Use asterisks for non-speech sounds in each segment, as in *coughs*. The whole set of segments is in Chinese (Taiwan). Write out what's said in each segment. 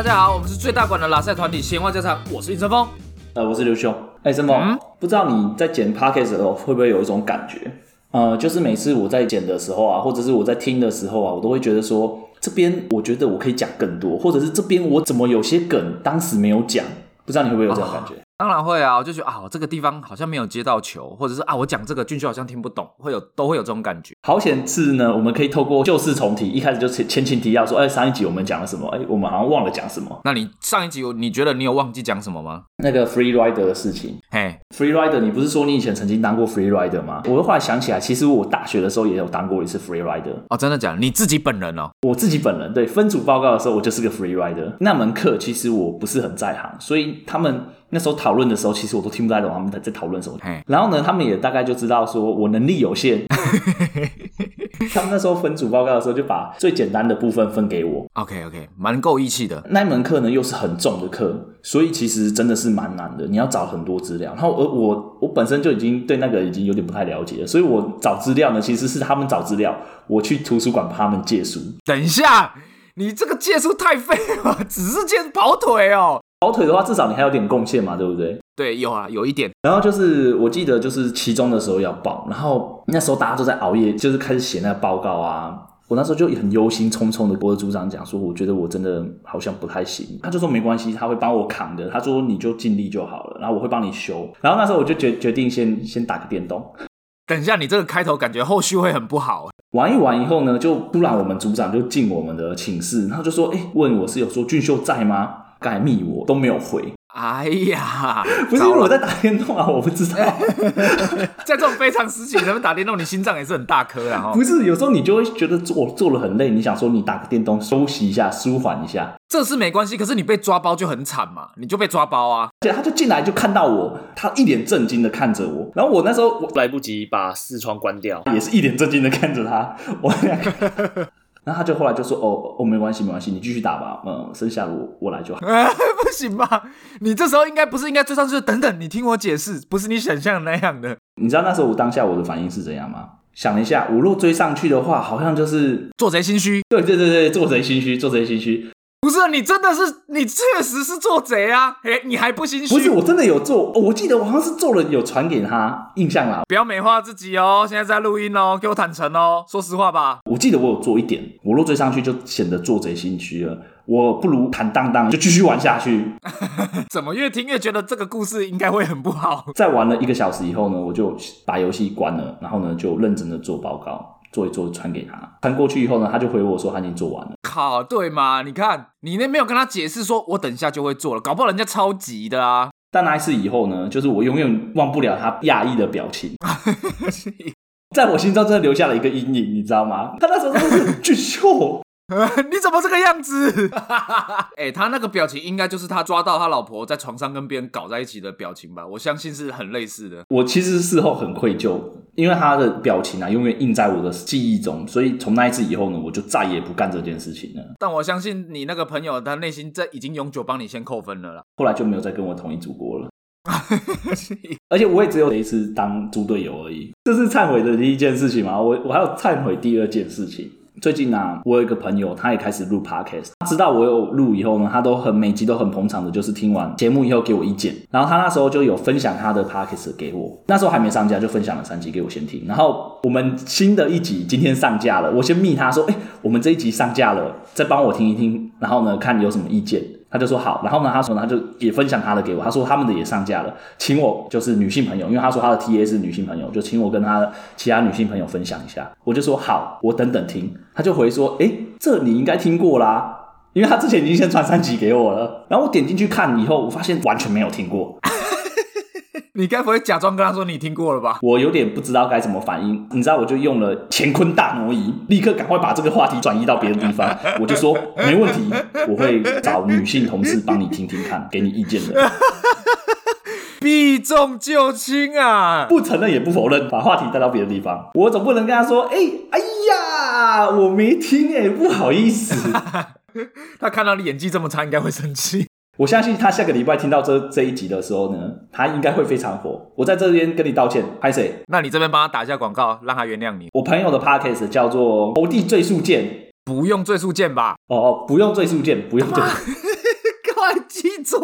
大家好，我們是最大館的拉賽團體閒話家常。我是尹成峰，呃、啊，我是劉兄，哎、欸，成峰，嗯、不知道你在剪 podcast 的時候會不會有一種感覺？呃，就是每次我在剪的時候啊，或者是我在聽的時候啊，我都會覺得說，這邊我覺得我可以講更多，或者是這邊我怎麼有些梗當時沒有講，不知道你會不會有這種感覺？哦、當然會啊，我就覺得啊，這個地方好像沒有接到球，或者是啊，我講這個俊秀好像聽不懂，會有都會有這種感覺。好險，下次呢，我們可以透過舊事重提，一開始就前前情提要說，哎、欸，上一集我們講了什麼？哎、欸，我們好像忘了講什麼。那你上一集有你覺得你有忘記講什麼嗎？那個 free rider 的事情，嘿 Hey.，free rider，你不是說你以前曾經當過 free rider 嗎？我又後來想起來，其實我大學的時候也有當過一次 free rider。哦，oh, 真的假的？你自己本人哦？我自己本人對，分組報告的時候，我就是個 free rider。那門課其實我不是很在行，所以他們那時候討論的時候，其實我都聽不太懂他們在在討論什麼。Hey. 然後呢，他們也大概就知道說我能力有限。 *laughs* *laughs* 他們那時候分組報告的時候，就把最簡單的部分分給我。OK OK，蠻夠義氣的。那一門課呢，又是很重的課，所以其實真的是蠻難的。你要找很多資料，然後而我我本身就已經對那個已經有點不太了解了，所以我找資料呢，其實是他們找資料，我去圖書館幫他們借書。等一下，你這個借書太廢了，只是借跑腿哦。跑腿的話，至少你還有點貢獻嘛，對不對？對，有啊，有一點。然後就是，我記得就是期中的時候要報，然後那時候大家都在熬夜，就是開始寫那個報告啊。我那時候就很憂心忡忡的，跟我的組長講說，我覺得我真的好像不太行。他就說沒關係，他會幫我扛的。他說你就盡力就好了，然後我會幫你修。然後那時候我就決決定先先打個電動。等一下，你這個開頭感覺後續會很不好。玩一玩以後呢，就突然我們組長就進我們的寢室，然後就說：“哎，問我是有說俊秀在嗎？”改密，我都沒有回。哎呀，不是了因為，我在打電動啊，我不知道。在這種非常時期，能不能打電動？你心臟也是很大顆啊。不是，有時候你就會覺得做做了很累，你想說你打個電動休息一下，舒緩一下，這是沒關係，可是你被抓包就很慘嘛，你就被抓包啊。而且他就進來就看到我，他一臉震驚的看着我，然後我那時候我來不及把視窗關掉，也是一臉震驚的看着他，我兩個 *laughs* 那他就後來就說：“哦哦，沒關係，沒關係，你繼續打吧，嗯，剩下的我我來就好。”啊、呃，不行吧？你這時候應該不是應該追上去的？等等，你聽我解釋，不是你想象那樣的。你知道那時候我當下我的反應是怎樣嗎？想一下，我若追上去的話，好像就是做賊心虛。對對對對，做賊心虛，做賊心虛。不是，你真的是，你確實是做賊啊！哎，你還不心虛？不是，我真的有做，哦。我記得我好像是做了，有傳給他印象啦，不要美化自己哦，現在在錄音哦，給我坦誠哦，說實話吧。我記得我有做一點，我若追上去就顯得做賊心虛了，我不如坦荡蕩就繼續玩下去。 *laughs* 怎麼越聽越覺得這個故事應該會很不好？在玩了一個小時以後呢，我就把遊戲關了，然後呢就認真的做報告。做一做，傳給他，傳過去以後呢，他就回我說他已經做完了。靠，對嘛？你看，你那沒有跟他解釋，說我等一下就會做了，搞不好人家超急的啊。但那一次以後呢，就是我永遠忘不了他訝異的表情， *laughs* 在我心中真的留下了一個陰影，你知道嗎？他那時候就是巨秀。 *laughs* *laughs* 你怎麼這個樣子？哈哈哈，哎，他那個表情應該就是他抓到他老婆在床上跟別人搞在一起的表情吧？我相信是很類似的。我其實事後很愧疚，因為他的表情啊，永遠印在我的記憶中。所以從那一次以後呢，我就再也不幹這件事情了。但我相信你那個朋友，他內心在已經永久幫你先扣分了啦，後來就沒有再跟我同一組過了。 *laughs* 而且我也只有這一次當豬隊友而已。這是懺悔的第一件事情嘛，我我還有懺悔第二件事情。最近啊，我有一個朋友，他也開始錄 podcast。他知道我有錄以後呢，他都很，每集都很捧場的，就是聽完節目以後給我意見。然後他那時候就有分享他的 podcast 給我，那時候還沒上架，就分享了三集給我先聽。然後我們新的一集今天上架了，我先密他說，哎，我們這一集上架了，再幫我聽一聽，然後呢，看有什麼意見。他就說好，然後呢，他說呢他就也分享他的給我，他說他們的也上架了，請我就是女性朋友，因為他說他的 TA 是女性朋友，就請我跟他的其他女性朋友分享一下。我就說好，我等等聽。他就回說，哎，這你應該聽過啦，因為他之前已經先傳三集給我了。然後我點進去看以後，我發現完全沒有聽過。你該不會假裝跟他說你聽過了吧？我有點不知道該怎麼反應，你知道我就用了乾坤大挪移，立刻趕快把這個話題轉移到別的地方。 *laughs* 我就說，沒問題，我會找女性同事幫你聽聽看， *laughs* 給你意見的。避重就輕啊，不承認也不否認，把話題帶到別的地方。我總不能跟他說，哎、欸，哎呀，我沒聽哎、欸，不好意思。 *laughs* 他看到你演技這麼差，應該會生氣。我相信他下個禮拜聽到這這一集的時候呢，他應該會非常火。我在這邊跟你道歉，拍誰。那你這邊幫他打一下廣告，讓他原諒你。我朋友的 podcast 叫做《投地罪數鍵》。不用罪數鍵吧？哦哦，不用罪數鍵，不用贅。快記住，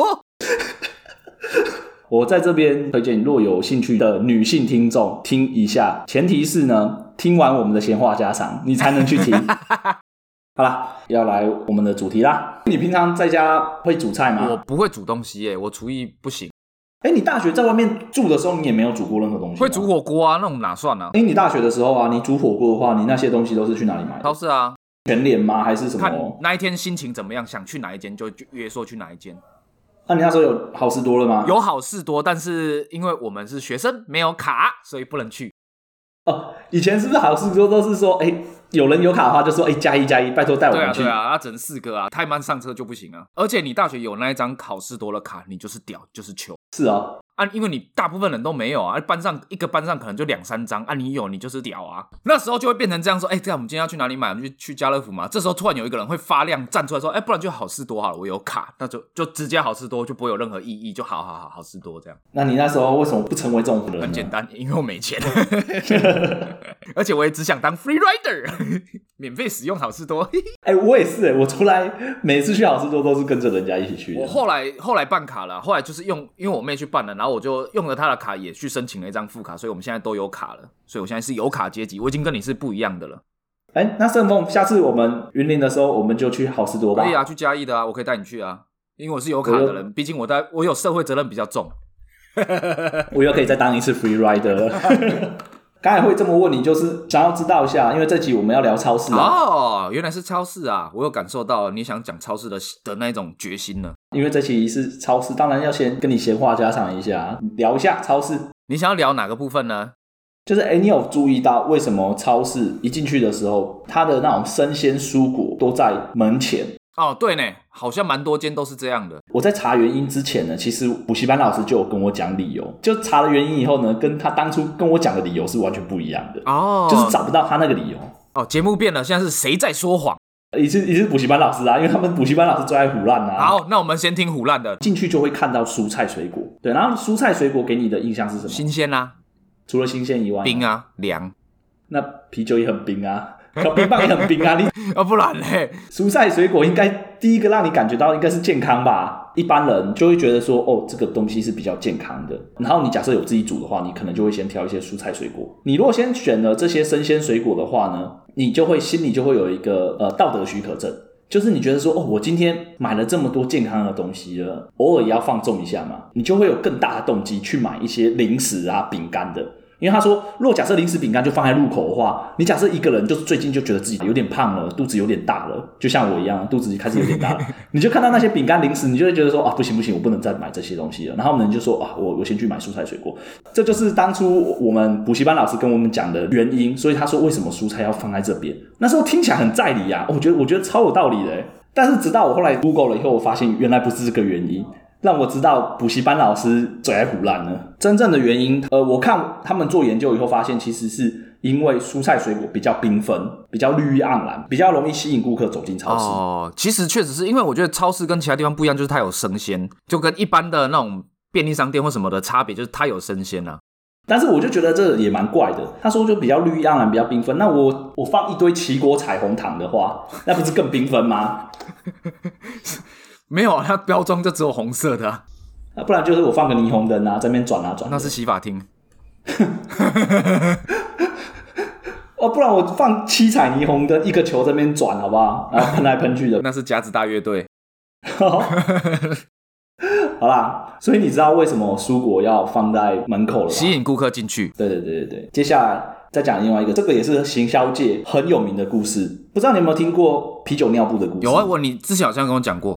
*laughs* 我在這邊推薦，若有興趣的女性聽眾聽一下，前提是呢，聽完我們的閒話家常，你才能去聽。 *laughs* 好了，要來我們的主題啦。你平常在家會煮菜嗎？我不會煮東西耶、欸，我廚藝不行。哎、欸，你大學在外面住的時候，你也沒有煮過任何東西。會煮火鍋啊，那我哪算呢、啊？哎、欸，你大學的時候啊，你煮火鍋的話，你那些東西都是去哪裡買？超市。哦、啊。全聯嗎？還是什麼？那一天心情怎麼樣，想去哪一間就約說去哪一間。那你那時候有好事多了嗎？有好事多，但是因為我們是學生，沒有卡，所以不能去。哦，以前是不是好事多都是說哎？欸有人有卡的話就說哎、欸、加一加一，拜托帶我們去。對啊對啊，那、啊啊、只能四個啊，太慢上車就不行啊。而且你大學有那一張好市多的卡，你就是屌就是球。是啊，啊因為你大部分人都沒有啊，班上一個班上可能就兩三張啊，你有你就是屌啊。那時候就會變成這樣說，哎、欸、這樣我們今天要去哪裡買？我們就去家樂福嘛。這時候突然有一個人會發亮站出來說，哎、欸、不然就好市多好了，我有卡，那就就直接好市多就不會有任何意義，就好好好好市多這樣。那你那時候為什麼不成為這種人？很簡單，因為我沒錢， *laughs* *laughs* 而且我也只想當 free、er、rider。 *laughs* 免費使用好市多， *laughs* 哎、欸，我也是，欸，哎，我從來每次去好市多都是跟着人家一起去。我後來後來辦卡了，後來就是用，因為我妹去辦了，然後我就用了她的卡，也去申請了一張副卡，所以我們現在都有卡了。所以我現在是有卡階級，我已經跟你是不一樣的了。哎、欸，那這樣下次我們雲林的時候，我們就去好市多吧？可以啊，去嘉義的啊，我可以帶你去啊，因為我是有卡的人，有畢竟我在，我有社會責任比較重， *laughs* 我又可以再當一次 free rider。 *laughs* 剛才會這麼問你，就是想要知道一下，因為這集我們要聊超市。啊、哦，原來是超市啊，我有感受到你想講超市的的那種決心呢。因為這期是超市，當然要先跟你閒話家常一下，聊一下超市。你想要聊哪個部分呢？就是哎、欸，你有注意到為什麼超市一進去的時候，它的那種生鮮蔬果都在門前？哦，對呢，好像蠻多間都是這樣的。我在查原因之前呢，其實補習班老師就有跟我講理由。就查了原因以後呢，跟他當初跟我講的理由是完全不一樣的。哦，就是找不到他那個理由。哦，節目變了，現在是誰在說謊？也是也是補習班老師啊，因為他們補習班老師最愛唬爛啊。好，那我們先聽唬爛的。進去就會看到蔬菜水果，對，然後蔬菜水果給你的印象是什麼？新鮮啊，除了新鮮以外啊，冰啊，涼。那啤酒也很冰啊。可冰棒也很冰啊，你啊，不然呢？蔬菜水果應該第一個讓你感覺到應該是健康吧。一般人就會覺得說，哦，這個東西是比較健康的。然後你假設有自己煮的話，你可能就會先挑一些蔬菜水果。你如果先選了這些生鮮水果的話呢，你就會心裡就會有一個呃道德許可證，就是你覺得說，哦，我今天買了這麼多健康的東西了，偶爾也要放縱一下嘛，你就會有更大的動機去買一些零食啊、餅乾的。因為他說，若假設零食餅乾就放在入口的話，你假設一個人就是最近就覺得自己有點胖了，肚子有點大了，就像我一樣，肚子開始有點大了。 *laughs* 你就看到那些餅乾零食，你就會覺得說啊，不行不行，我不能再買這些東西了。然後你就說啊，我我先去買蔬菜水果。這就是當初我們補習班老師跟我們講的原因，所以他說為什麼蔬菜要放在這邊，那時候聽起來很在理啊，我覺得我覺得超有道理的。但是直到我後來 Google 了以後，我發現原來不是這個原因。讓我知道補習班老師嘴還苦爛呢。真正的原因，呃，我看他們做研究以後發現，其實是因為蔬菜水果比較繽紛，比較綠意盎然，比較容易吸引顧客走進超市。哦，其實確實是因為我覺得超市跟其他地方不一樣，就是它有生鮮，就跟一般的那種便利商店或什麼的差別，就是它有生鮮啊。但是我就覺得這也蠻怪的。他說就比較綠意盎然，比較繽紛。那我我放一堆奇果彩虹糖的話，那不是更繽紛嗎？ *laughs* 沒有，它標裝就只有紅色的啊，啊，不然就是我放個霓虹燈啊，在那邊轉啊轉。那是洗髮廳。 *laughs* *laughs* 哦，不然我放七彩霓虹燈一個球在那邊轉，好不好？然後噴來噴去的。 *laughs* 那是夾子大樂隊。 *laughs* *laughs* 好啦，所以你知道為什麼蔬果要放在門口了？吸引顧客進去。對對對對。接下來再講另外一個，這個也是行銷界很有名的故事。不知道你有沒有聽過啤酒尿布的故事？有啊，我你之前好像跟我講過。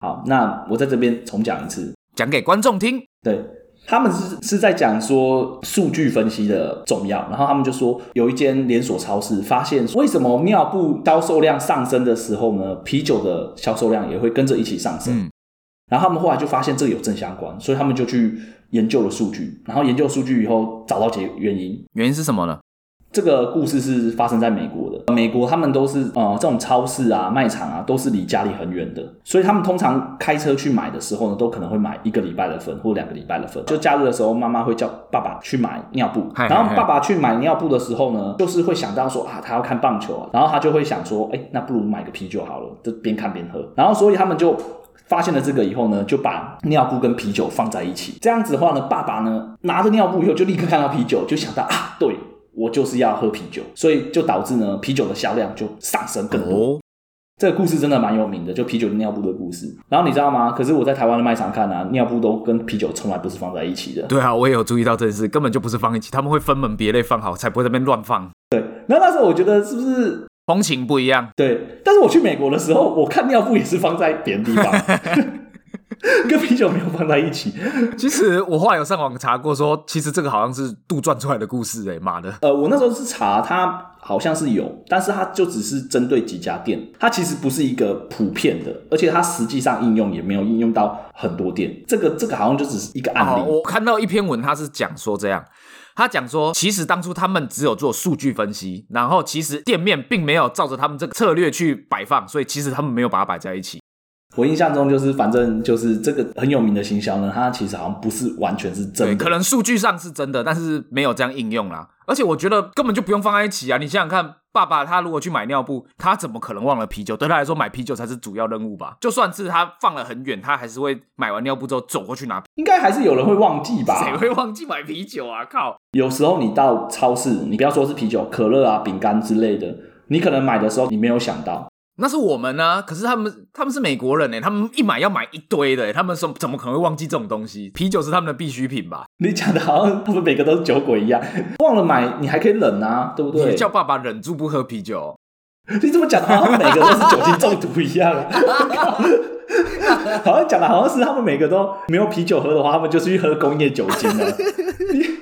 好，那我在這邊重講一次，講給觀眾聽。對，他們是是在講說數據分析的重要，然後他們就說有一間連鎖超市發現，為什麼尿布銷售量上升的時候呢，啤酒的銷售量也會跟着一起上升。嗯，然後他們後來就發現這個有正相關，所以他們就去研究了數據，然後研究數據以後找到結原因，原因是什麼呢？這個故事是發生在美國的。美國他們都是呃，這種超市啊、賣場啊，都是離家裡很遠的，所以他們通常開車去買的時候呢，都可能會買一個禮拜的份或兩個禮拜的份。就假日的時候，媽媽會叫爸爸去買尿布，嘿嘿嘿。然後爸爸去買尿布的時候呢，就是會想到說啊，他要看棒球啊，然後他就會想說，哎，那不如買個啤酒好了，就邊看邊喝。然後所以他們就發現了這個以後呢，就把尿布跟啤酒放在一起。這樣子的話呢，爸爸呢拿着尿布以後，就立刻看到啤酒，就想到啊，對。我就是要喝啤酒，所以就導致呢，啤酒的銷量就上升更多。哦，這個故事真的蠻有名的，就啤酒尿布的故事。然後你知道嗎？可是我在台灣的賣場看啊，尿布都跟啤酒從來不是放在一起的。對啊，我也有注意到這件事，根本就不是放一起，他們會分門別類放好，才不會在那邊亂放。對，然後那時候我覺得是不是風情不一樣？對，但是我去美國的時候，我看尿布也是放在別的地方。 *laughs* *laughs* 跟啤酒沒有放在一起。其實我話有上網查過說，說其實這個好像是杜撰出來的故事，欸。誒，媽的！呃，我那時候是查，它好像是有，但是它就只是針對幾家店，它其實不是一個普遍的，而且它實際上應用也沒有應用到很多店。這個這個好像就只是一個案例。啊，我看到一篇文，他是講說這樣，他講說其實當初他們只有做數據分析，然後其實店面並沒有照着他們這個策略去擺放，所以其實他們沒有把它擺在一起。我印象中就是，反正就是這個很有名的行銷呢，它其實好像不是完全是真的。對，可能數據上是真的，但是沒有這樣應用啦。而且我覺得根本就不用放在一起啊！你想想看，爸爸他如果去買尿布，他怎麼可能忘了啤酒？對他來說，買啤酒才是主要任務吧？就算是他放了很遠，他還是會買完尿布之後走過去拿啤酒。應該還是有人會忘記吧？誰會忘記買啤酒啊？靠！有時候你到超市，你不要說是啤酒、可樂啊、餅乾之類的，你可能買的時候你沒有想到。那是我們呢、啊，可是他們他們是美國人呢、欸。他們一買要買一堆的、欸，他們什怎麼可能會忘記這種東西？啤酒是他們的必需品吧？你講的好像他們每個都是酒鬼一樣，忘了買你還可以忍啊，對不對？你叫爸爸忍住不喝啤酒， *laughs* 你怎麼講的好像每個都是酒精中毒一樣？ *laughs* *laughs* 好像講的好像是他們每個都沒有啤酒喝的話，他們就是去喝工業酒精了。 *laughs* *laughs*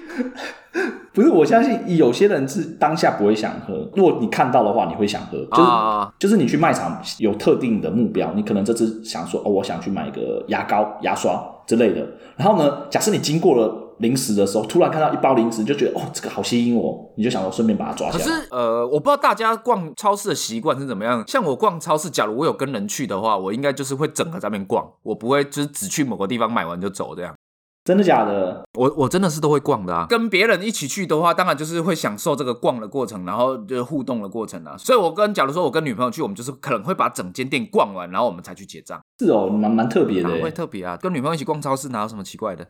不是，我相信有些人是當下不會想喝。如果你看到的話，你會想喝。就是、啊、就是，你去賣場有特定的目標，你可能這次想說，哦，我想去買一個牙膏、牙刷之類的。然後呢，假設你經過了零食的時候，突然看到一包零食，就覺得哦，這個好吸引我，你就想順便把它抓下來。可是，呃，我不知道大家逛超市的習慣是怎麼樣。像我逛超市，假如我有跟人去的話，我應該就是會整個在那邊逛，我不會就是只去某個地方買完就走這樣。真的假的？我我真的是都會逛的啊。跟別人一起去的話，當然就是會享受這個逛的過程，然後就互動的過程啊。所以，我跟假如說我跟女朋友去，我們就是可能會把整間店逛完，然後我們才去結賬。是哦，蠻蠻特別的，會特別啊。跟女朋友一起逛超市，哪有什麼奇怪的？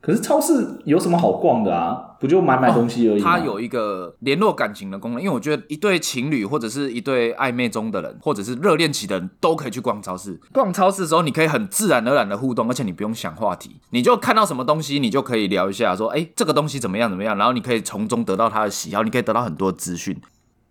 可是超市有什麼好逛的啊？不就買買東西而已。哦，它有一個聯絡感情的功能，因為我覺得一對情侶或者是一對曖昧中的人，或者是熱戀期的人都可以去逛超市。逛超市的時候，你可以很自然而然的互動，而且你不用想話題，你就看到什麼東西，你就可以聊一下，說：“哎、欸，這個東西怎麼樣怎麼樣？”然後你可以從中得到他的喜好，你可以得到很多資訊。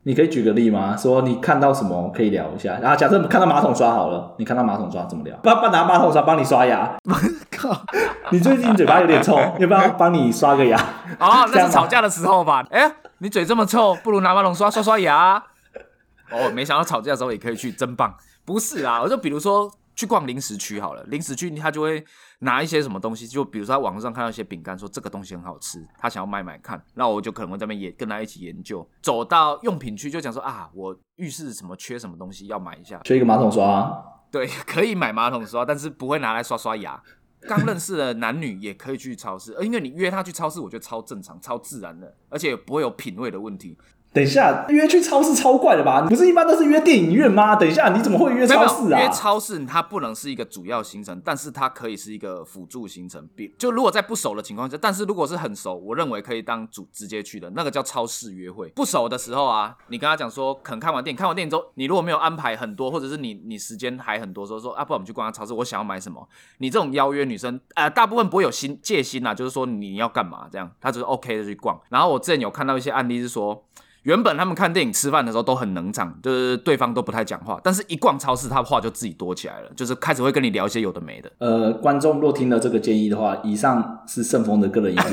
你可以舉個例嗎？說你看到什麼可以聊一下。然後、啊、假設看到馬桶刷好了，你看到馬桶刷怎麼聊？幫幫拿馬桶刷幫你刷牙。我 *laughs* 靠， *laughs* 你最近你嘴巴有點臭， *laughs* 要不要幫你刷個牙？啊、哦，那是吵架的時候吧？哎、 *laughs* 欸，你嘴這麼臭，不如拿馬桶刷刷刷牙。 *laughs* 哦，沒想到吵架的時候也可以去，真棒。不是啊，我就比如說去逛零食區好了，零食區它就會。拿一些什麼東西，就比如說他在網上看到一些餅乾，說這個東西很好吃，他想要買買看，那我就可能會在那邊也跟他一起研究。走到用品區就講說啊，我浴室什麼缺什麼東西要買一下，缺一個馬桶刷，對，可以買馬桶刷，但是不會拿來刷刷牙。剛認識的男女也可以去超市， *laughs* 因為你約他去超市，我覺得超正常、超自然的，而且也不會有品味的問題。等一下，約去超市超怪的吧？你不是一般都是約電影院嗎？等一下，你怎麼會約超市啊？沒有沒有，約超市它不能是一個主要行程，但是它可以是一個輔助行程。比就如果在不熟的情況下，但是如果是很熟，我認為可以當主直接去的那個叫超市約會。不熟的時候啊，你跟他講說可能看完電影看完電影之後，你如果沒有安排很多，或者是你你時間還很多時候，說啊不然，我們去逛下超市，我想要買什麼？你這種邀約女生，呃，大部分不會有心戒心吶、啊，就是說你要幹嘛這樣，他就是 OK 的去逛。然後我之前有看到一些案例是說。原本他們看電影、吃飯的時候都很冷場，就是對方都不太講話。但是一逛超市，他話就自己多起來了，就是開始會跟你聊一些有的沒的。呃，觀眾若聽了這個建議的話，以上是盛豐的個人意見，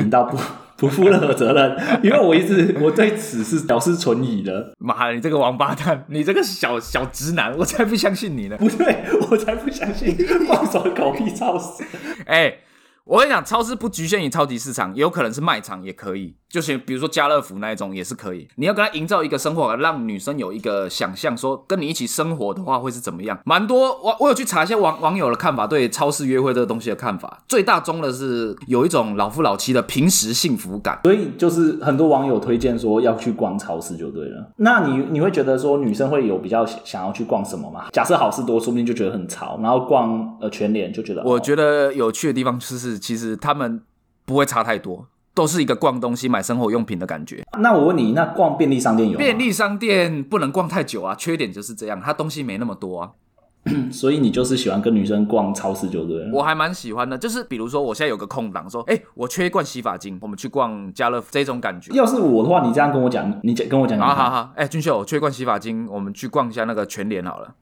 頻道不不負任何責任，因為我一直我對此是表示存疑的。媽的、啊，你這個王八蛋，你這個小小直男，我才不相信你呢！不對，我才不相信，放什麼狗屁超市。哎、欸，我跟你講，超市不局限於超級市場，也有可能是賣場，也可以。就是比如說家樂福那一種也是可以，你要跟他營造一個生活，讓女生有一個想象，說跟你一起生活的話會是怎麼樣？蠻多，我我有去查一些網網友的看法，對超市約會這個東西的看法，最大宗的是有一種老夫老妻的平時幸福感。所以就是很多網友推薦說要去逛超市就對了。那你你會覺得說女生會有比較想要去逛什麼嗎？假設好事多，說不定就覺得很潮。然後逛呃全聯就覺得，我覺得有趣的地方就是其實他們不會差太多。都是一個逛東西、買生活用品的感覺。那我問你，那逛便利商店有？便利商店不能逛太久啊，缺點就是這樣，它東西沒那麼多啊。 *coughs* 所以你就是喜歡跟女生逛超市，就對了。我還蠻喜歡的，就是比如說我現在有個空檔，說，哎、欸，我缺一罐洗髮精，我們去逛家樂福這種感覺。要是我的話，你這樣跟我講，你跟我講，好好好。哎、欸，俊秀，我缺一罐洗髮精，我們去逛一下那個全聯好了。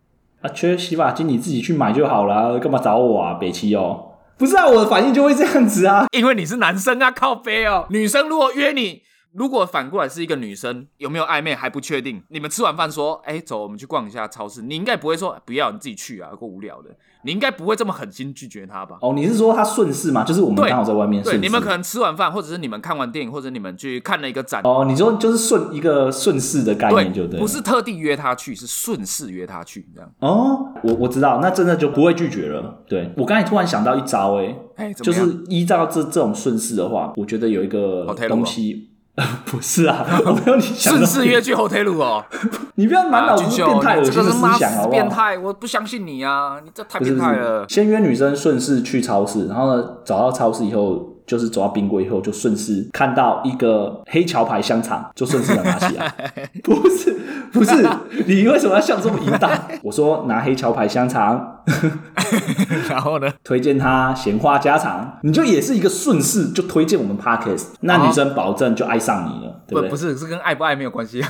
啊，缺洗髮精，你自己去買就好了，干嘛找我啊？北七哦。不是啊，我的反應就會這樣子啊，因為你是男生啊，靠飛哦、喔，女生如果約你。如果反過來是一個女生，有沒有曖昧還不確定？你們吃完飯說：“哎、欸，走，我們去逛一下超市。”你應該不會說、欸“不要，你自己去啊，夠無聊的。”你應該不會這麼狠心拒絕她吧？哦，你是說她順勢嗎？就是我們剛好在外面對，對你們可能吃完飯，或者是你們看完電影，或者你們去看了一個展。哦，你說就是順一個順勢的概念就對，就對，不是特地約她去，是順勢約她去這樣。哦，我我知道，那真的就不會拒絕了。對，我剛才突然想到一招、欸，哎、欸，就是依照這這種順勢的話，我覺得有一個東西。 *laughs* 不是啊，我沒有你想的順勢 *laughs* 約去後腿路哦， *laughs* 你不要滿腦子變態這種思想好不好、？ *laughs* 啊、變態，我不相信你啊，你這太變態了，不是不是。先約女生，順勢去超市，然後呢，找到超市以後。就是走到冰櫃以後，就順勢看到一個黑橋牌香腸，就順勢的拿起來。 *laughs* 不是，不是， *laughs* 你為什麼要笑這麼淫蕩？我說拿黑橋牌香腸， *laughs* *laughs* 然後呢，推薦他閒話家常，你就也是一個順勢就推薦我們 podcast、啊、 那女生保證就愛上你了，不對不對。不是，是跟愛不愛沒有關係。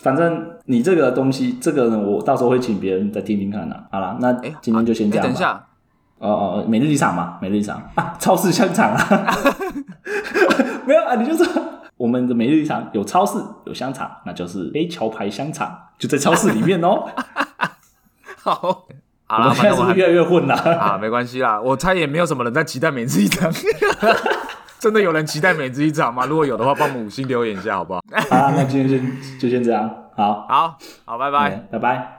反正你這個東西，這個呢，我到時候會請別人再聽聽看的、啊。好啦。那今天就先這樣吧。哦哦，每、呃、日一場嘛，每日一場啊，超市香腸啊， *laughs* *laughs* 沒有啊，你就說、是、我們的每日一場有超市有香腸，那就是黑橋牌香腸，就在超市裡面哦。 *laughs* 好，我們現在是不是越來越混了啊？沒關係啦，我猜也沒有什麼人在期待每日一場， *laughs* 真的有人期待每日一場嗎？如果有的話，幫我們五星留言一下好不好？ *laughs* 啊，那今天先就先這樣，好，好，好，拜拜，okay, 拜拜。